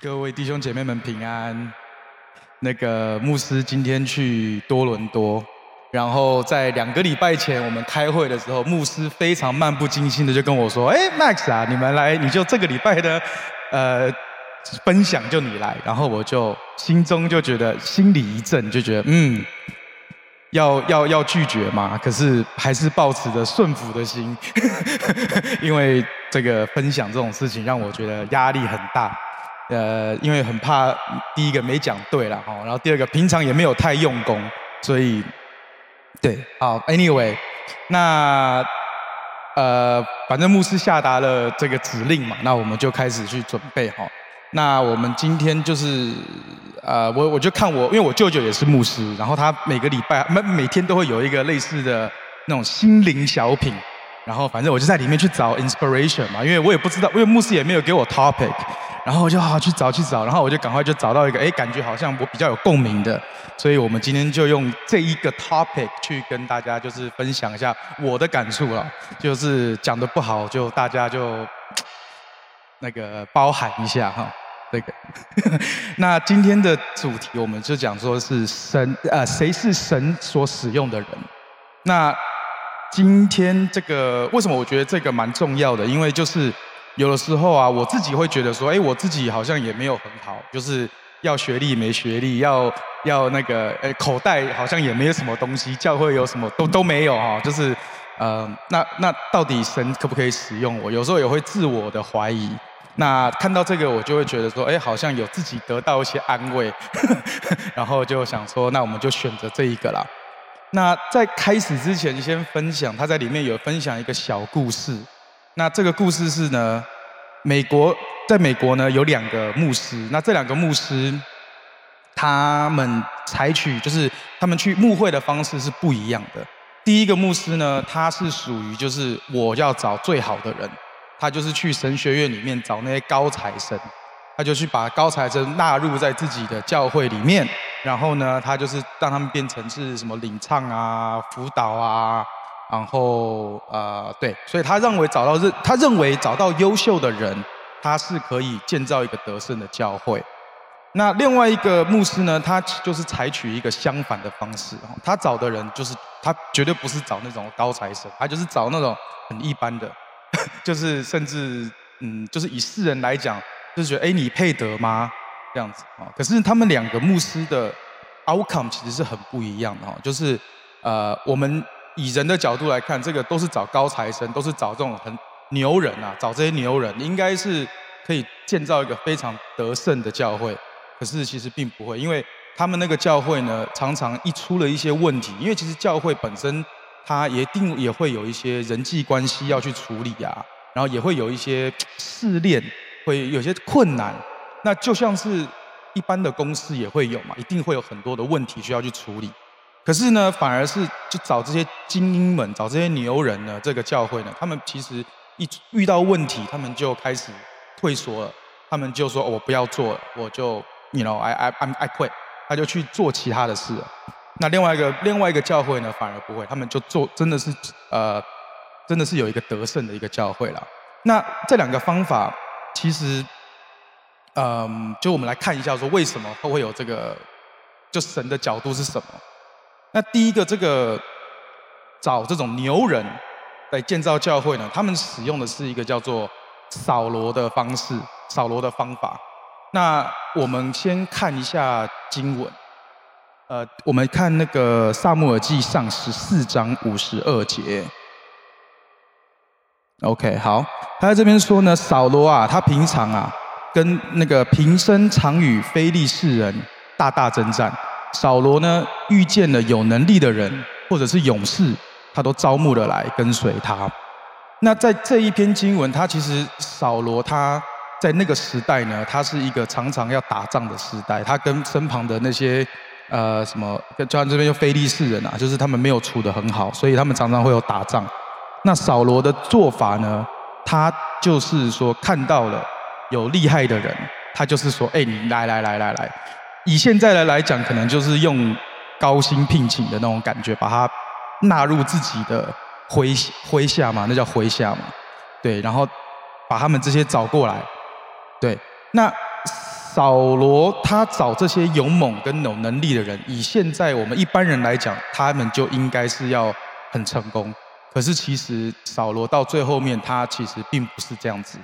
各位弟兄姐妹們平安。那個牧師今天去多倫多，然後在兩個禮拜前我們開會的時候，牧師非常漫不經心的就跟我說：“哎，Max 啊，你們來，你就這個禮拜的呃分享就你來。”然後我就心中就覺得心裡一震，就覺得嗯，要要要拒絕嘛。可是還是抱持着順服的心， 因為這個分享這種事情讓我覺得壓力很大。呃，因為很怕第一個沒講對了哦，然後第二個平常也沒有太用功，所以對，好，哦，Anyway，那呃，反正牧師下達了這個指令嘛，那我們就開始去準備哈。那我們今天就是，呃，我我就看我，因為我舅舅也是牧師，然後他每個禮拜每每天都會有一個類似的那種心靈小品，然後反正我就在裡面去找 inspiration 嘛，因為我也不知道，因為牧師也沒有給我 topic。然後我就好好去找去找，然後我就趕快就找到一個，哎，感覺好像我比較有共鳴的，所以我們今天就用這一個 topic 去跟大家就是分享一下我的感觸了，就是講得不好，就大家就那個包涵一下哈，那、這個。 那今天的主題我們就講說是神，呃，誰是神所使用的人？那今天這個為什麼我覺得這個蠻重要的？因為就是。有的時候啊，我自己會覺得說，哎，我自己好像也沒有很好，就是要學歷沒學歷，要要那個，呃，口袋好像也沒有什麼東西，教會有什麼都都沒有哈，就是，呃，那那到底神可不可以使用我？有時候也會自我的懷疑。那看到這個，我就會覺得說，哎，好像有自己得到一些安慰呵呵，然後就想說，那我們就選擇這一個啦。那在開始之前，先分享他在裡面有分享一個小故事。那這個故事是呢，美國在美國呢，有兩個牧師，那這兩個牧師，他們採取就是他們去牧會的方式是不一樣的。第一個牧師呢，他是屬於就是我要找最好的人，他就是去神學院裡面找那些高材生，他就去把高材生納入在自己的教會裡面，然後呢，他就是讓他們變成是什麼領唱啊、輔導啊。然後，呃，對，所以他認為找到認，他認為找到優秀的人，他是可以建造一個得勝的教會。那另外一個牧師呢，他就是採取一個相反的方式，他找的人就是他絕對不是找那種高材生，他就是找那種很一般的，就是甚至，嗯，就是以世人來講，就是覺得，哎，你配得嗎？這樣子啊。可是他們兩個牧師的 outcome 其實是很不一樣的哦，就是，呃，我們。以人的角度來看，這個都是找高材生，都是找這種很牛人啊，找這些牛人，應該是可以建造一個非常得勝的教會。可是其實並不會，因為他們那個教會呢，常常一出了一些問題。因為其實教會本身，它一定也會有一些人際關係要去處理啊，然後也會有一些試煉，會有些困難。那就像是一般的公司也會有嘛，一定會有很多的問題需要去處理。可是呢，反而是就找這些精英們，找這些牛人呢。這個教會呢，他們其實一遇到問題，他們就開始退縮了。他們就說：“哦，我不要做了，我就，you know，I I I I quit。”他就去做其他的事了。那另外一個另外一個教會呢，反而不會，他們就做，真的是呃，真的是有一個得勝的一個教會了。那這兩個方法，其實，嗯，呃，就我們來看一下，說為什麼他會有這個，就神的角度是什麼？那第一個，這個找這種牛人來建造教會呢，他們使用的是一個叫做掃羅的方式、掃羅的方法。那我們先看一下經文。呃，我們看那個撒母耳記上十四章五十二節。OK，好，他在這邊說呢，掃羅啊，他平常啊，跟那個平生常與非利士人大大征戰。掃羅呢，遇見了有能力的人，或者是勇士，他都招募了來跟隨他。那在這一篇經文，他其實掃羅他在那個時代呢，他是一個常常要打仗的時代。他跟身旁的那些呃什麼，跟就像這邊就非利士人啊，就是他們沒有處得很好，所以他們常常會有打仗。那掃羅的做法呢，他就是說看到了有厲害的人，他就是說，哎，你來來來來來。來來以現在的來講，可能就是用高薪聘請的那種感覺，把他納入自己的麾下，麾下嘛，那叫麾下嘛，對，然後把他們這些找過來，對。那掃羅他找這些勇猛跟有能力的人，以現在我們一般人來講，他們就應該是要很成功。可是其實掃羅到最後面，他其實並不是這樣子，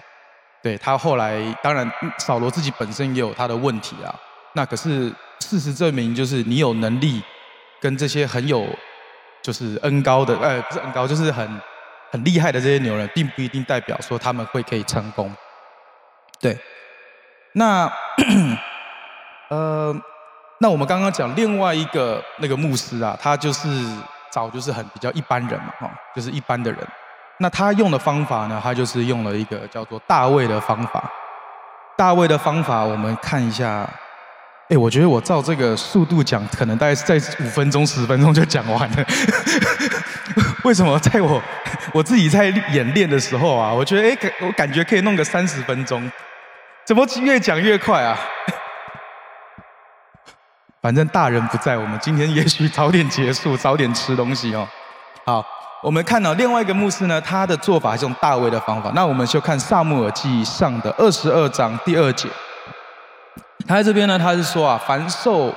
對，他後來當然掃羅自己本身也有他的問題啊。那可是事實證明，就是你有能力跟這些很有就是恩高的，呃、哎，不是恩高，就是很很厲害的這些牛人，並不一定代表說他們會可以成功，對。那咳咳呃，那我們剛剛講另外一個那個牧師啊，他就是早就是很比較一般人嘛，哈，就是一般的人。那他用的方法呢，他就是用了一個叫做大衛的方法。大衛的方法，我們看一下。哎，我覺得我照這個速度講，可能大概在五分鐘、十分鐘就講完了。 為什麼在我我自己在演練的時候啊，我覺得哎，我感覺可以弄個三十分鐘，怎麼越講越快啊？ 反正大人不在，我們今天也許早點結束，早點吃東西哦。好，我們看到、哦、另外一個牧師呢，他的做法是用大衛的方法，那我們就看撒母耳記上的二十二章第二節。他在這邊呢，他是說啊，凡受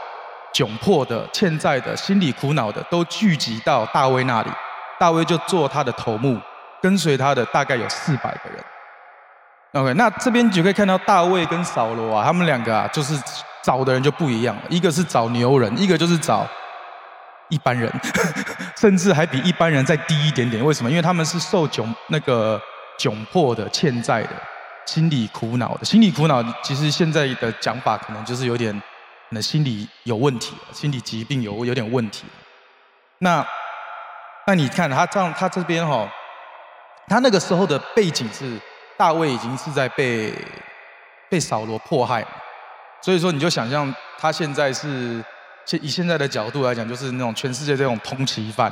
窘迫的、欠債的、心裡苦惱的，都聚集到大衛那裡。大衛就做他的頭目，跟隨他的大概有四百個人。OK，那這邊就可以看到大衛跟掃羅啊，他們兩個啊，就是找的人就不一樣了，一個是找牛人，一個就是找一般人呵呵，甚至還比一般人再低一點點。為什麼？因為他們是受窘那個窘迫的、欠債的。心理苦惱的，心理苦惱，其實現在的講法可能就是有點，那心理有問題，心理疾病有有點問題。那那你看他這樣，他這邊哈、哦，他那個時候的背景是大衛已經是在被被掃羅迫害，所以說你就想象他現在是現以現在的角度來講，就是那種全世界這種通緝犯。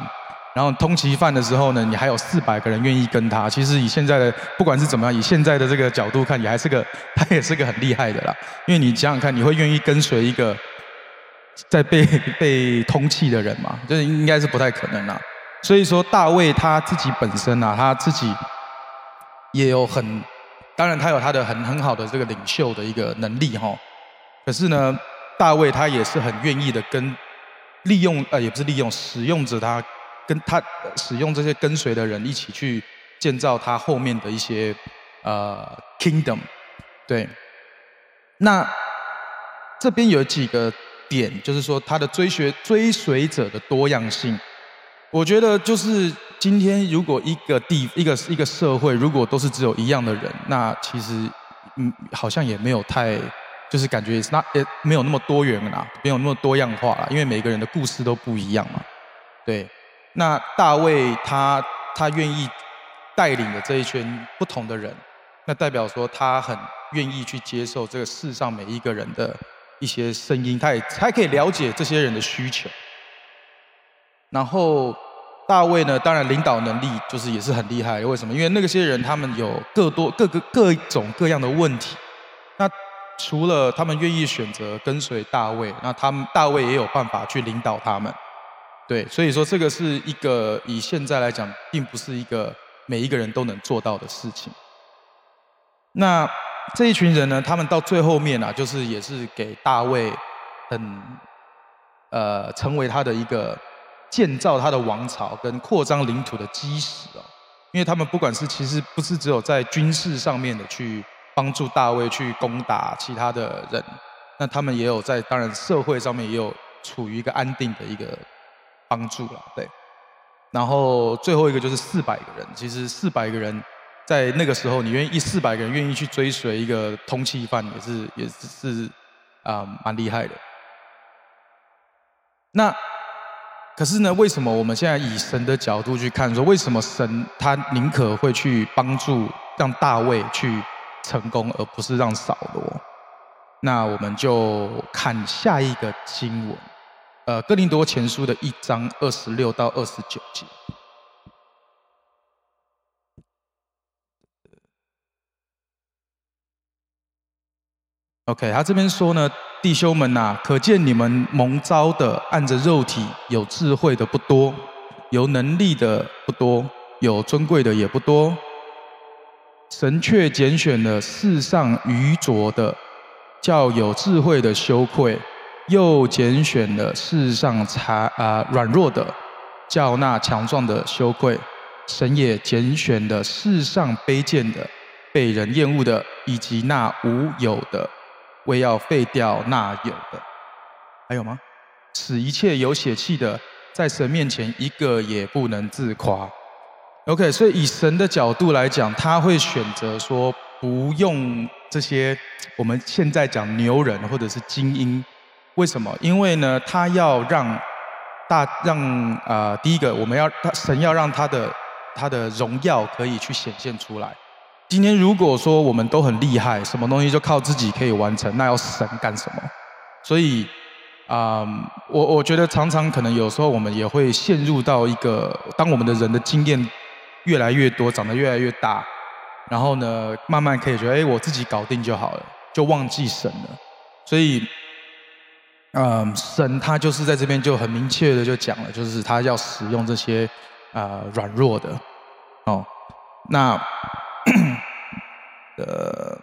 然後通緝犯的時候呢，你還有四百個人願意跟他。其實以現在的不管是怎麼樣，以現在的這個角度看，也還是個他也是個很厲害的啦。因為你想想看，你會願意跟隨一個在被被通緝的人嘛，就是應該是不太可能啦。所以說大衛他自己本身啊，他自己也有很當然他有他的很很好的這個領袖的一個能力哈、哦。可是呢，大衛他也是很願意的跟利用呃也不是利用使用者他。跟他使用這些跟隨的人一起去建造他後面的一些呃 Kingdom，對。那這邊有幾個點，就是說他的追學追隨者的多樣性。我覺得就是今天如果一個地一個一個社會如果都是只有一樣的人，那其實嗯好像也沒有太就是感覺是那也沒有那麼多元啦、啊，沒有那麼多樣化了、啊，因為每個人的故事都不一樣嘛，對。那大衛他他願意帶領的這一群不同的人，那代表說他很願意去接受這個世上每一個人的一些聲音，他也他可以了解這些人的需求。然後大衛呢，當然領導能力就是也是很厲害。為什麼？因為那些人他們有各多各個各種各樣的問題。那除了他們願意選擇跟隨大衛，那他們大衛也有辦法去領導他們。對，所以說這個是一個以現在來講，並不是一個每一個人都能做到的事情。那這一群人呢，他們到最後面啊，就是也是給大衛，很呃，成為他的一個建造他的王朝跟擴張領土的基石哦。因為他們不管是其實不是只有在軍事上面的去幫助大衛去攻打其他的人，那他們也有在當然社會上面也有處於一個安定的一個。幫助了、啊，對。然後最後一個就是四百個人，其實四百個人在那個時候，你願意四百個人願意去追隨一個通緝犯，也是也是啊，蠻厲害的。那可是呢，為什麼我們現在以神的角度去看說，說為什麼神他寧可會去幫助讓大衛去成功，而不是讓掃羅？那我們就看下一個經文。呃，《哥林多前書》的一章二十六到二十九節。OK，他這邊說呢：“弟兄們吶、啊，可見你們蒙召的，按着肉體有智慧的不多，有能力的不多，有尊貴的也不多。神卻揀選了世上愚拙的，叫有智慧的羞愧。”又揀選了世上殘啊軟弱的，叫那強壯的羞愧；神也揀選了世上卑賤的、被人厭惡的，以及那無有的，為要廢掉那有的。還有嗎？使一切有血氣的，在神面前一個也不能自誇。OK，所以以神的角度來講，他會選擇說不用這些我們現在講牛人或者是精英。為什麼？因為呢，他要讓大讓啊、呃，第一個我們要他神要讓他的他的榮耀可以去顯現出來。今天如果說我們都很厲害，什麼東西就靠自己可以完成，那要神幹什麼？所以啊、呃，我我覺得常常可能有時候我們也會陷入到一個，當我們的人的經驗越來越多，長得越來越大，然後呢，慢慢可以覺得哎，我自己搞定就好了，就忘記神了。所以。嗯，神他就是在這邊就很明確的就講了，就是他要使用這些，啊、呃、軟弱的，哦，那，呃，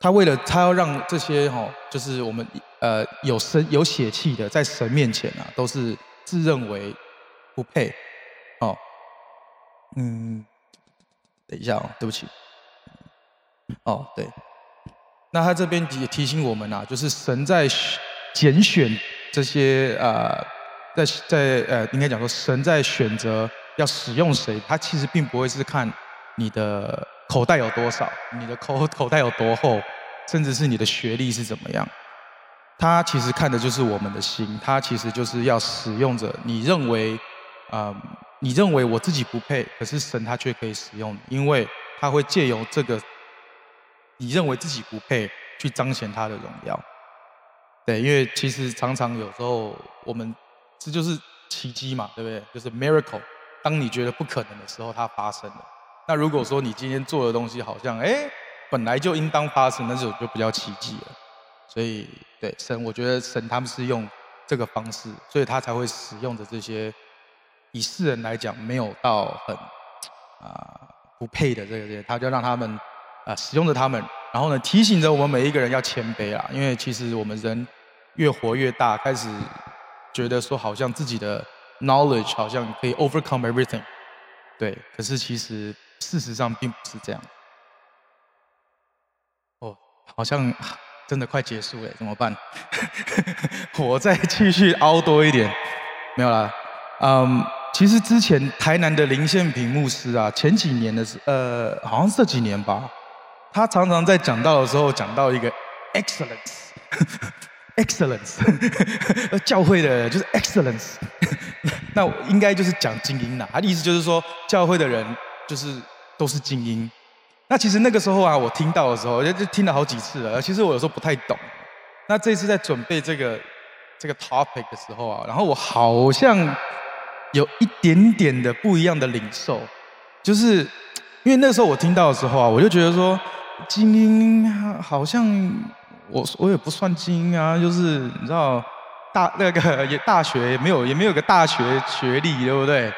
他為了他要讓這些哦，就是我們呃有神有血氣的，在神面前啊，都是自認為不配，哦，嗯，等一下哦，對不起，哦，對，那他這邊也提醒我們吶、啊，就是神在。揀選這些呃在在呃，應該、呃、講說，神在選擇要使用誰，他其實並不會是看你的口袋有多少，你的口口袋有多厚，甚至是你的學歷是怎麼樣，他其實看的就是我們的心，他其實就是要使用着你認為啊、呃，你認為我自己不配，可是神他卻可以使用，因為他會借由這個你認為自己不配去彰顯他的榮耀。對，因為其實常常有時候我們這就是奇蹟嘛，對不對？就是 miracle。當你覺得不可能的時候，它發生了。那如果說你今天做的東西好像哎、嗯、本來就應當發生，那時候就比較奇蹟了。所以對神，我覺得神他們是用這個方式，所以他才會使用著這些以世人來講沒有到很啊、呃、不配的這個這個，他就讓他們啊、呃、使用著他們。然後呢，提醒着我們每一個人要謙卑啊，因為其實我們人越活越大，開始覺得說好像自己的 knowledge 好像可以 overcome everything，對，可是其實事實上並不是這樣。哦，好像、啊、真的快結束了，怎麼辦？ 我再繼續凹多一點，沒有啦。嗯，其實之前台南的林獻平牧師啊，前幾年的時，呃，好像是這幾年吧。他常常在講到的時候，講到一個 excellence，excellence， excellence, 教會的就是 excellence， 那我應該就是講精英啦。他的意思就是說，教會的人就是都是精英。那其實那個時候啊，我聽到的時候，就聽了好幾次了。其實我有時候不太懂。那這次在準備這個這個 topic 的時候啊，然後我好像有一點點的不一樣的領受，就是因為那時候我聽到的時候啊，我就覺得說。精英好像我我也不算精英啊，就是你知道大那個也大學也沒有也沒有個大學學歷，對不對？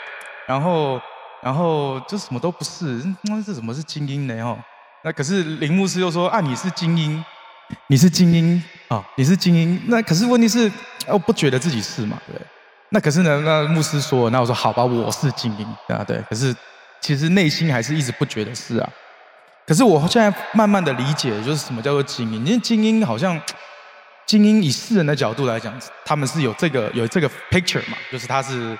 然後然後就什麼都不是，那這怎麼是精英呢？哦，那可是林牧師又說，啊，你是精英，你是精英啊，哦，你是精英。那可是問題是，我不覺得自己是嘛，對不對？那可是呢，那牧師說，那我說好吧，我是精英啊，對。可是其實內心還是一直不覺得是啊。可是我現在慢慢的理解，就是什麼叫做精英。因為精英好像精英，以世人的角度來講，他們是有這個有這個 picture 嘛，就是他是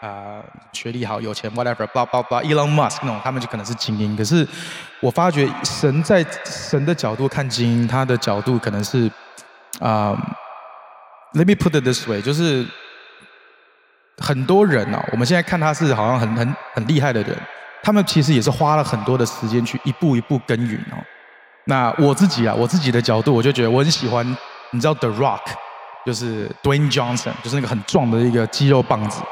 啊、呃、學歷好、有錢，whatever，blah blah blah，Elon blah, Musk 那種，他們就可能是精英。可是我發覺，神在神的角度看精英，他的角度可能是啊、呃，let me put it this way，就是很多人哦，我們現在看他是好像很很很厲害的人。他們其實也是花了很多的時間去一步一步耕耘哦。那我自己啊，我自己的角度，我就覺得我很喜歡，你知道 The Rock，就是 Dwayne Johnson，就是那個很壯的一個肌肉棒子。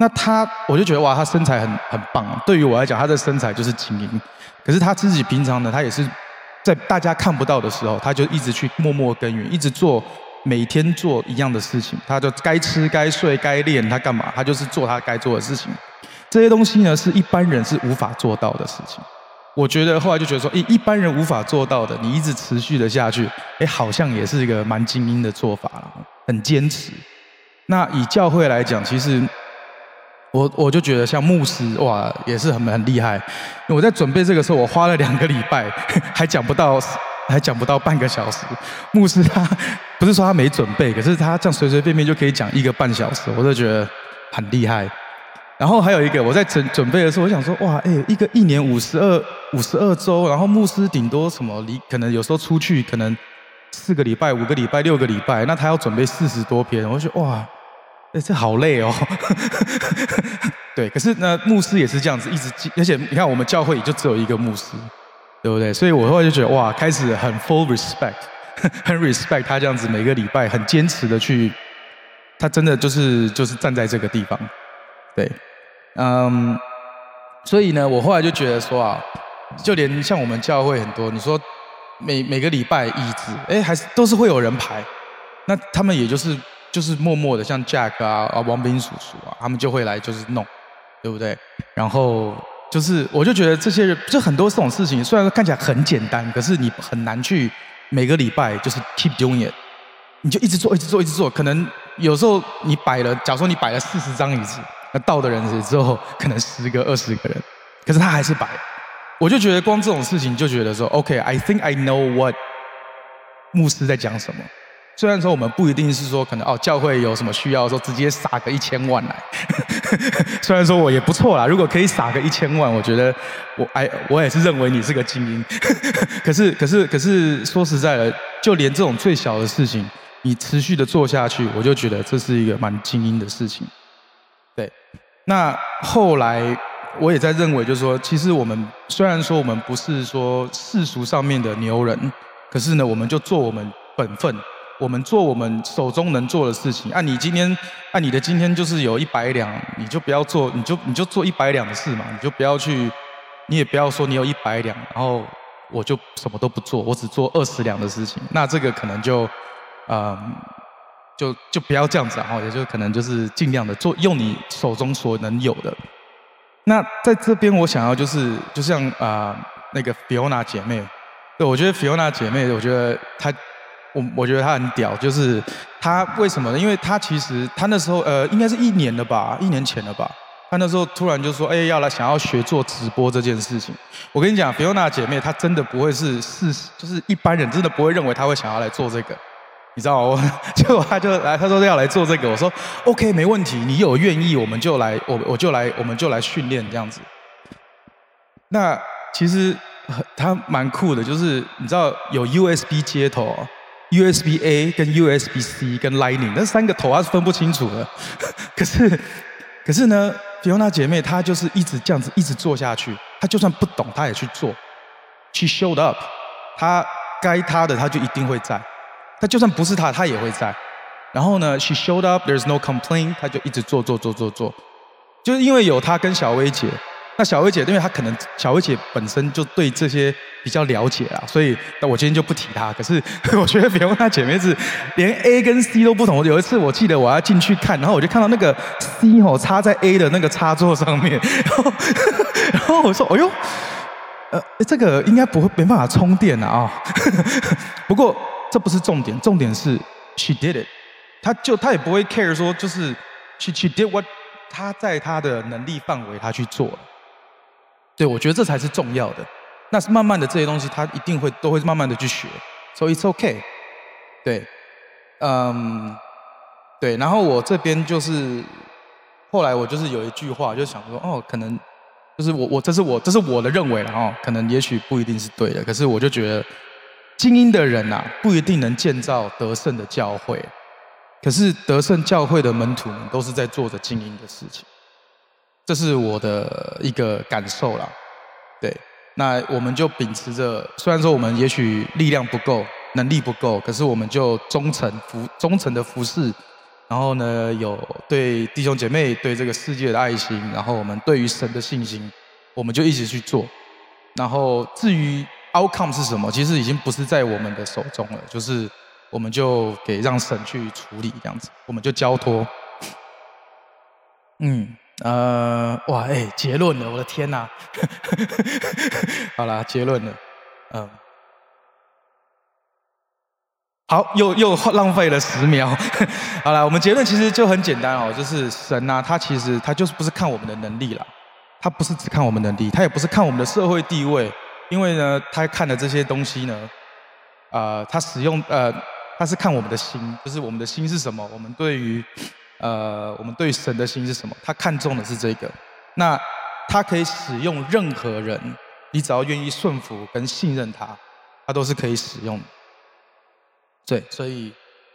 那他，我就覺得哇，他身材很很棒啊。對於我來講，他的身材就是精英。可是他自己平常呢，他也是在大家看不到的時候，他就一直去默默耕耘，一直做每天做一樣的事情。他就該吃該睡該練，他幹嘛？他就是做他該做的事情。這些東西呢，是一般人是無法做到的事情。我覺得後來就覺得說，一一般人無法做到的，你一直持續的下去，哎，好像也是一個蠻精英的做法，很堅持。那以教會來講，其實我我就覺得像牧師，哇，也是很很厲害。我在準備這個時候，我花了兩個禮拜，還講不到，還講不到半個小時。牧師他不是說他沒準備，可是他這樣隨隨便便就可以講一個半小時，我就覺得很厲害。然後還有一個，我在準準備的時候，我想說，哇，哎、欸，一個一年五十二五十二週，然後牧師頂多什麼，你可能有時候出去，可能四個禮拜、五個禮拜、六個禮拜，那他要準備四十多篇，我就說，哇，哎、欸，這好累哦。 對，可是呢，牧師也是這樣子，一直，而且你看我們教會也就只有一個牧師，對不對？所以我後來就覺得，哇，開始很 full respect，很 respect 他這樣子每個禮拜很堅持的去，他真的就是就是站在這個地方，對。嗯、um，所以呢，我後來就覺得說啊，就連像我們教會很多，你說每每個禮拜椅子，哎，還是都是會有人排，那他們也就是就是默默的，像 Jack 啊，啊王斌叔叔啊，他們就會來就是弄，對不對？然後就是我就覺得這些人，就很多這種事情，雖然看起來很簡單，可是你很難去每個禮拜就是 keep doing it，你就一直做，一直做，一直做，一直做，可能有時候你擺了，假如說你擺了四十張椅子。那到的人是之後可能十個二十個人，可是他還是白。我就覺得光這種事情就覺得說，OK，I think I know what，牧師在講什麼。雖然說我們不一定是說可能哦教會有什麼需要的時候，說直接撒個一千萬來。 雖然說我也不錯啦，如果可以撒個一千萬，我覺得我哎我也是認為你是個精英。 可是可是可是說實在的，就連這種最小的事情，你持續的做下去，我就覺得這是一個蠻精英的事情。那後來我也在認為，就是說，其實我們雖然說我們不是說世俗上面的牛人，可是呢，我們就做我們本分，我們做我們手中能做的事情。啊，你今天啊，你的今天就是有一百兩，你就不要做，你就你就做一百兩的事嘛，你就不要去，你也不要說你有一百兩，然後我就什麼都不做，我只做二十兩的事情，那這個可能就，嗯。就就不要這樣子啊！然後也就可能就是盡量的做，用你手中所能有的。那在這邊，我想要就是，就像啊、呃，那個 Fiona 姐妹，對，我覺得 Fiona 姐妹，我覺得她，我我覺得她很屌，就是她為什麼呢？因為她其實她那時候呃，應該是一年了吧，一年前了吧。她那時候突然就說，哎、欸，要來想要學做直播這件事情。我跟你講，Fiona 姐妹，她真的不會是是，就是一般人真的不會認為她會想要來做這個。你知道，我結果他就來，他說要來做這個，我說 OK，沒問題。你有願意，我們就來，我我就來，我們就來訓練這樣子。那其實他蠻酷的，就是你知道有 USB 接頭，USB A 跟 USB C 跟 Lightning 那三個頭，他是分不清楚的。可是可是呢，Fiona 姐妹她就是一直這樣子，一直做下去。她就算不懂，她也去做，去 showed up 她。她該她的，她就一定會在。他就算不是他，他也會在。然後呢，She showed up, there's no complaint。他就一直做做做做做，就是因為有他跟小薇姐。那小薇姐，因為她可能小薇姐本身就對這些比較了解啊，所以那我今天就不提她。可是我覺得別問她姐妹是連 A 跟 C 都不同。有一次我記得我要進去看，然後我就看到那個 C 哦插在 A 的那個插座上面，然後，然後我說：“哎呦，呃，這個應該不會沒辦法充電啊、哦。”不過。這不是重點，重點是 she did it，她，就她也不會 care 說就是 she, she did what 她在她的能力範圍她去做了。對，我覺得這才是重要的。那是慢慢的這些東西，她一定會都會慢慢的去學，so it's okay，對，嗯，對，然後我這邊就是後來我就是有一句話就想說哦，可能就是我我這是我這是我的認為然後，哦，可能也許不一定是對的，可是我就覺得。精英的人吶、啊，不一定能建造得勝的教會，可是得勝教會的門徒們都是在做着精英的事情，這是我的一個感受啦。對，那我們就秉持着，雖然說我們也許力量不夠，能力不夠，可是我們就忠誠服忠誠的服侍，然後呢，有對弟兄姐妹、對這個世界的愛心，然後我們對於神的信心，我們就一直去做。然後至於。Outcome 是什麼？其實已經不是在我們的手中了，就是我們就給讓神去處理，這樣子，我們就交託。 嗯，呃，哇，哎、欸，結論了，我的天哪、啊！ 好啦，結論了。嗯，好，又又浪費了十秒。 好啦，我們結論其實就很簡單哦，就是神吶、啊，他其實他就是不是看我們的能力啦，他不是只看我們的能力，他也不是看我們的社會地位。因為呢，他看的這些東西呢，啊、呃，他使用呃，他是看我們的心，就是我們的心是什麼，我們對於，呃，我們對於神的心是什麼，他看重的是這個。那他可以使用任何人，你只要願意順服跟信任他，他都是可以使用的。對，所以，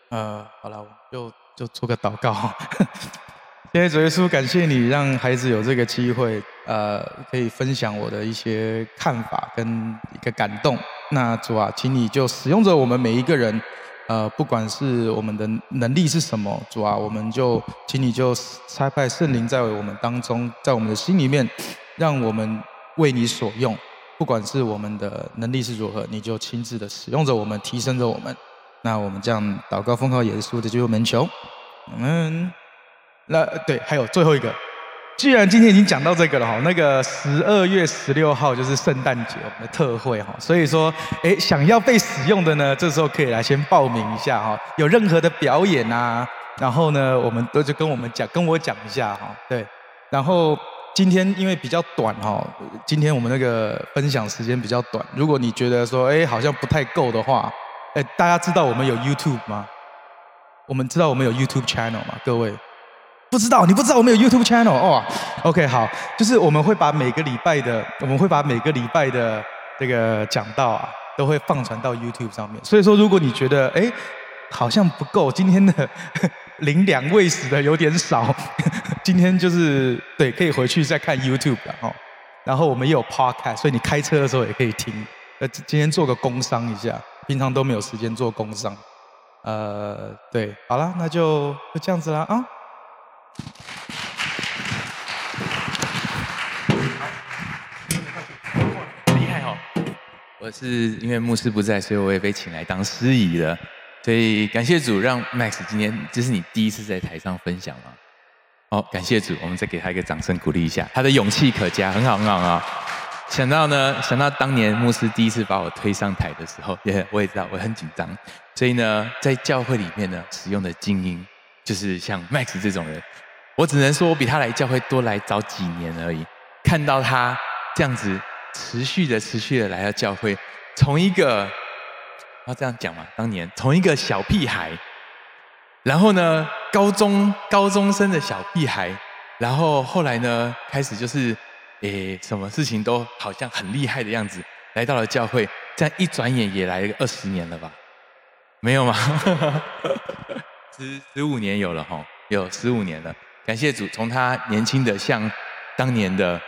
呃，好了，我就就做個禱告。 謝謝主耶穌，感謝你讓孩子有這個機會，呃，可以分享我的一些看法跟一個感動。那主啊，請你就使用着我們每一個人，呃，不管是我們的能力是什麼，主啊，我們就請你就差派聖靈在我們當中，在我們的心裡面，讓我們為你所用。不管是我們的能力是如何，你就親自的使用着我們，提升着我們。那我們這樣禱告奉靠耶穌的救恩門求。嗯那對，還有最後一個，既然今天已經講到這個了哈，那個十二月十六號就是聖誕節我們的特會哈，所以說誒，想要被使用的呢，這時候可以來先報名一下哈。有任何的表演吶、啊，然後呢，我們都就跟我們講，跟我講一下哈。對，然後今天因為比較短哈，今天我們那個分享時間比較短，如果你覺得說，哎，好像不太夠的話誒，大家知道我們有 YouTube 嗎？我們知道我們有 YouTube channel 嗎？各位。不知道你不知道我們有 YouTube channel、oh, 哦，OK 好，就是我們會把每個禮拜的我們會把每個禮拜的這個講道啊都會放傳到 YouTube 上面。所以說，如果你覺得哎、欸、好像不夠，今天的呵零兩位死的有點少呵，今天就是對可以回去再看 YouTube 哦。然後我們也有 Podcast，所以你開車的時候也可以聽。呃，今天做個工商一下，平常都沒有時間做工商。呃，對，好了，那就就這樣子了啊。我是因為牧師不在，所以我也被請來當司儀了。所以感謝主，讓 Max 今天，這是你第一次在台上分享嗎？哦，感謝主，我們再給他一個掌聲鼓勵一下，他的勇氣可嘉，很好很好啊。想到呢，想到當年牧師第一次把我推上台的時候，也我也知道我很緊張，所以呢，在教會裡面呢，使用的精英就是像 Max 這種人，我只能說，我比他來教會多來早幾年而已。看到他這樣子。持續的、持續的來到教會，從一個，要這樣講嘛？當年從一個小屁孩，然後呢，高中高中生的小屁孩，然後後來呢，開始就是，誒，什麼事情都好像很厲害的樣子，來到了教會。這樣一轉眼也來了二十年了吧？沒有嗎？十十五年有了吼，有十五年了。感謝主，從他年輕的像當年的。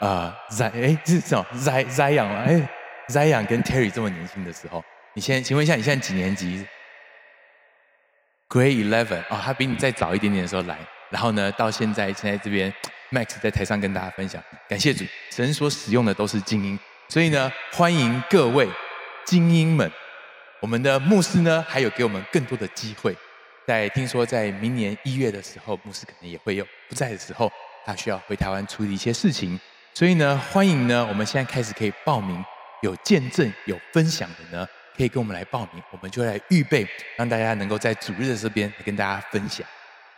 啊，Ze，哎，這是什麼？Ze，Ze Yang，哎，Ze Yang 跟 Terry 這麼年輕的時候，你先，請問一下，你現在幾年級？Grade eleven，哦，他比你再早一點點的時候來，然後呢，到現在現在這邊 Max 在台上跟大家分享，感謝主，神所使用的都是精英，所以呢，歡迎各位精英們，我們的牧師呢，還有給我們更多的機會，在聽說在明年一月的時候，牧師可能也會有不在的時候，他需要回台灣處理一些事情。所以呢，歡迎呢，我們現在開始可以報名，有見證、有分享的呢，可以跟我們來報名，我們就來預備，讓大家能夠在主日的這邊來跟大家分享，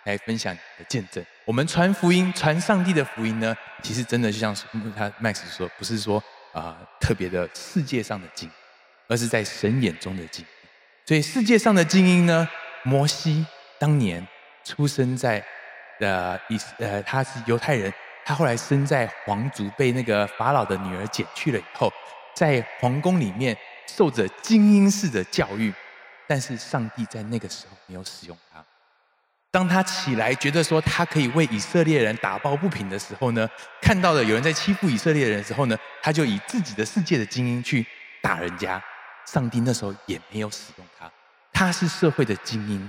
來分享你的見證。我們傳福音、傳上帝的福音呢，其實真的就像是他 Max 說，不是說啊、呃、特別的世界上的精，而是在神眼中的精英。所以世界上的精英呢，摩西當年出生在呃以呃他是猶太人。他後來生在皇族，被那個法老的女兒撿去了以後，在皇宮裡面受着精英式的教育，但是上帝在那個時候沒有使用他。當他起來覺得說他可以為以色列人打抱不平的時候呢，看到了有人在欺負以色列人的時候呢，他就以自己的世界的精英去打人家。上帝那時候也沒有使用他，他是社會的精英，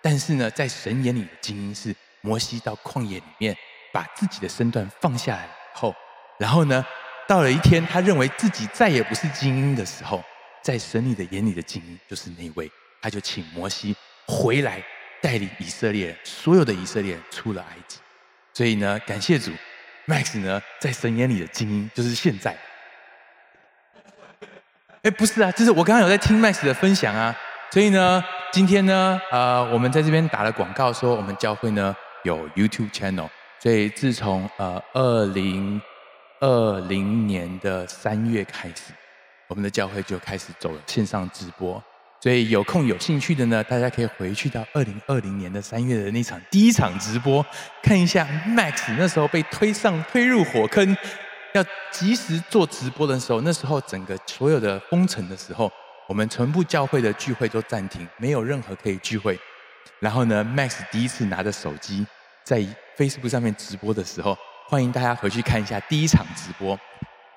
但是呢，在神眼裡的精英是摩西到曠野裡面把自己的身段放下來以後，然後呢，到了一天，他認為自己再也不是精英的時候，在神你的眼裡的精英就是那位，他就請摩西回來帶領以色列所有的以色列出了埃及。所以呢，感謝主，Max 呢在神眼裡的精英就是現在。哎，不是啊，這是我剛剛有在聽 Max 的分享啊。所以呢，今天呢，呃，我們在這邊打了廣告說，我們教會呢有 YouTube channel。所以，自從呃，二零二零年的三月開始，我們的教會就開始走了線上直播。所以有空有興趣的呢，大家可以回去到二零二零年的三月的那場第一場直播，看一下 Max 那時候被推上，推入火坑，要及時做直播的時候，那時候整個所有的封城的時候，我們全部教會的聚會都暫停，沒有任何可以聚會。然後呢，Max 第一次拿着手機。在 Facebook 上面直播的時候，歡迎大家回去看一下第一場直播，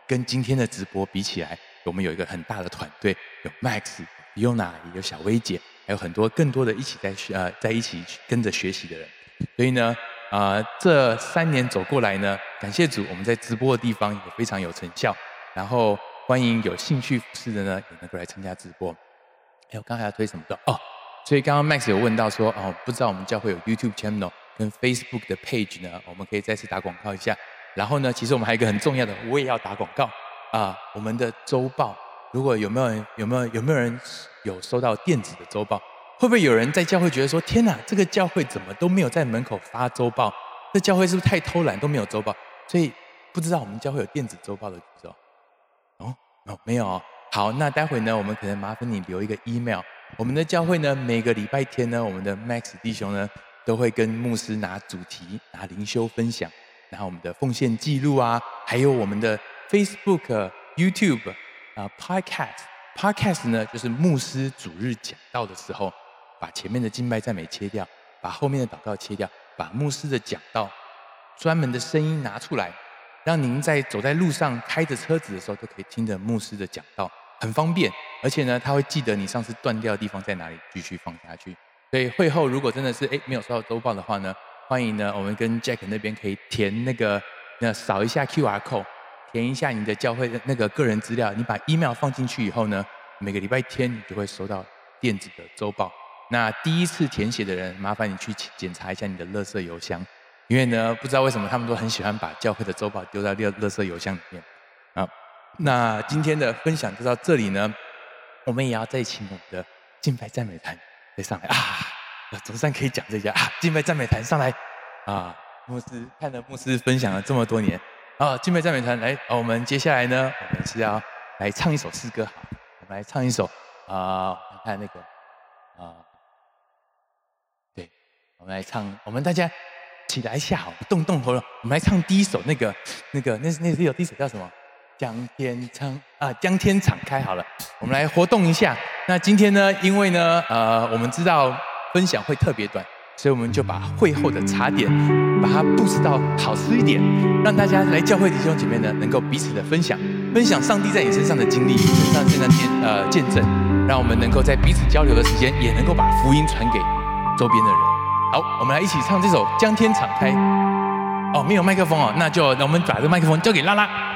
跟今天的直播比起來，我們有一個很大的團隊，有 Max、Yuna，也有小薇姐，還有很多更多的一起在學，呃，在一起跟着學習的人。所以呢，呃，這三年走過來呢，感謝主，我們在直播的地方也非常有成效。然後，歡迎有興趣服事的呢，也能夠來參加直播。哎，我剛還要推什麼的哦？所以剛剛 Max 有問到說，哦，不知道我們教會有 YouTube channel。跟 Facebook 的 Page 呢，我們可以再次打廣告一下。然後呢，其實我們還有一個很重要的，我也要打廣告啊，呃，我們的周報，如果有沒有人有沒有有沒有人有收到電子的周報？會不會有人在教會覺得說，天啊，這個教會怎麼都沒有在門口發周報？這教會是不是太偷懶都沒有周報？所以不知道我們教會有電子周報的舉手。哦哦，沒有哦。好，那待會呢，我們可能麻煩你留一個 email。我們的教會呢，每個禮拜天呢，我們的 Max 弟兄呢，都會跟牧師拿主題、拿靈修分享，然後我們的奉獻記錄啊，還有我們的 Facebook、YouTube 啊、uh，Podcast。Podcast 呢，就是牧師主日講道的時候，把前面的敬拜讚美切掉，把後面的禱告切掉，把牧師的講道專門的聲音拿出來，讓您在走在路上開着車子的時候，都可以聽着牧師的講道，很方便。而且呢，他會記得你上次斷掉的地方在哪裡，繼續放下去。所以會後如果真的是哎沒有收到周報的話呢，歡迎呢我們跟 Jack 那邊可以填那個那掃一下 QR code，填一下你的教會的那個個人資料，你把 email 放進去以後呢，每個禮拜天你就會收到電子的周報。那第一次填寫的人，麻煩你去檢查一下你的垃圾郵箱，因為呢不知道為什麼他們都很喜歡把教會的周報丟在垃垃圾郵箱裡面啊。那今天的分享就到這裡呢，我們也要再請我們的敬拜讚美團。再上來啊，總算可以講這家啊！敬拜讚美團上來啊，牧師，看了牧師分享了這麼多年啊，敬拜讚美團來，啊，我們接下來呢，我們是要來唱一首詩歌，好，我們來唱一首啊，我們看那個啊，對，我們來唱，我們大家起來一下，好，動動喉嚨，我們來唱第一首那個那個那個，那是、個，有第一首叫什麼？將天唱，啊，將天敞開好了，我們來活動一下。那今天呢，因為呢，呃，我們知道分享會特別短，所以我們就把會後的茶點，把它布置到好吃一點，讓大家來教會弟兄姐妹呢，能夠彼此的分享，分享上帝在你身上的經歷，讓你身上見呃見證，讓我們能夠在彼此交流的時間，也能夠把福音傳給周邊的人。好，我們來一起唱這首《將天敞開》。哦，沒有麥克風哦，那就那我們把這個麥克風交給拉拉。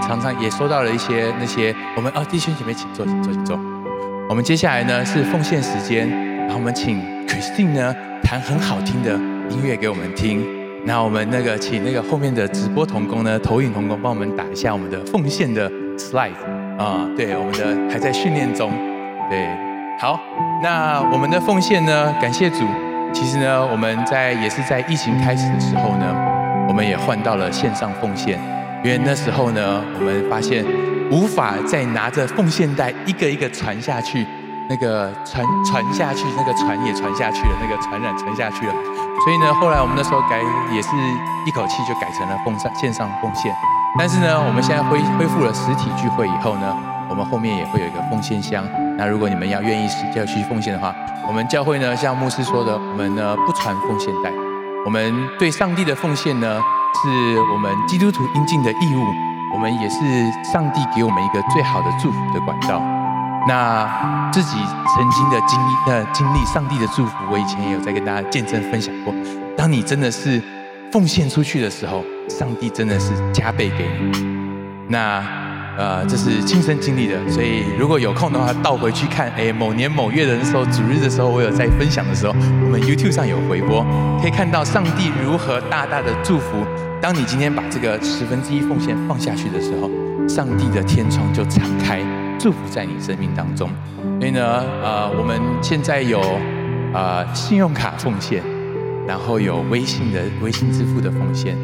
常常也收到了一些那些我們哦、喔，弟兄姐妹，請坐，請坐，請坐。我們接下來呢，是奉獻時間，然後我們請 Christine 呢彈很好聽的音樂給我們聽。那我們那個請那個後面的直播同工呢，投影同工幫我們打一下我們的奉獻的 slide 啊，對，我們的還在訓練中。對，好，那我們的奉獻呢，感謝主。其實呢，我們在也是在疫情開始的時候呢，我們也換到了線上奉獻。因為那時候呢，我們發現無法再拿着奉獻袋一個一個傳下去，那個傳傳下去，那個傳也傳下去了，那個傳染傳下去了。所以呢，後來我們那時候改也是一口氣就改成了奉上線上奉獻。但是呢，我們現在恢恢復了實體聚會以後呢，我們後面也會有一個奉獻箱。那如果你們要願意是要去奉獻的話，我們教會呢，像牧師說的，我們呢不傳奉獻袋，我們對上帝的奉獻呢。是我們基督徒應盡的義務，我們也是上帝給我們一個最好的祝福的管道。那自己曾經的經呃經歷，上帝的祝福，我以前也有在跟大家見證分享過。當你真的是奉獻出去的時候，上帝真的是加倍給你。那。呃，這是親身經歷的，所以如果有空的話，倒回去看。哎，某年某月的時候，主日的時候，我有在分享的時候，我們 YouTube 上有回播，可以看到上帝如何大大的祝福。當你今天把這個十分之一奉獻放下去的時候，上帝的天窗就敞開，祝福在你生命當中。所以呢，呃，我們現在有呃信用卡奉獻，然後有微信的微信支付的奉獻。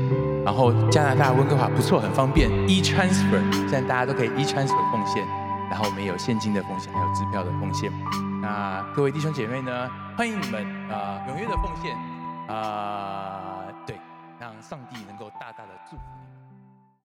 然後加拿大溫哥華不錯，很方便，e-transfer，現在大家都可以 e-transfer 奉獻。然後我們有現金的奉獻，還有支票的奉獻。那各位弟兄姐妹呢，歡迎你們啊，呃、踴躍的奉獻啊、呃，對，讓上帝能夠大大的祝福。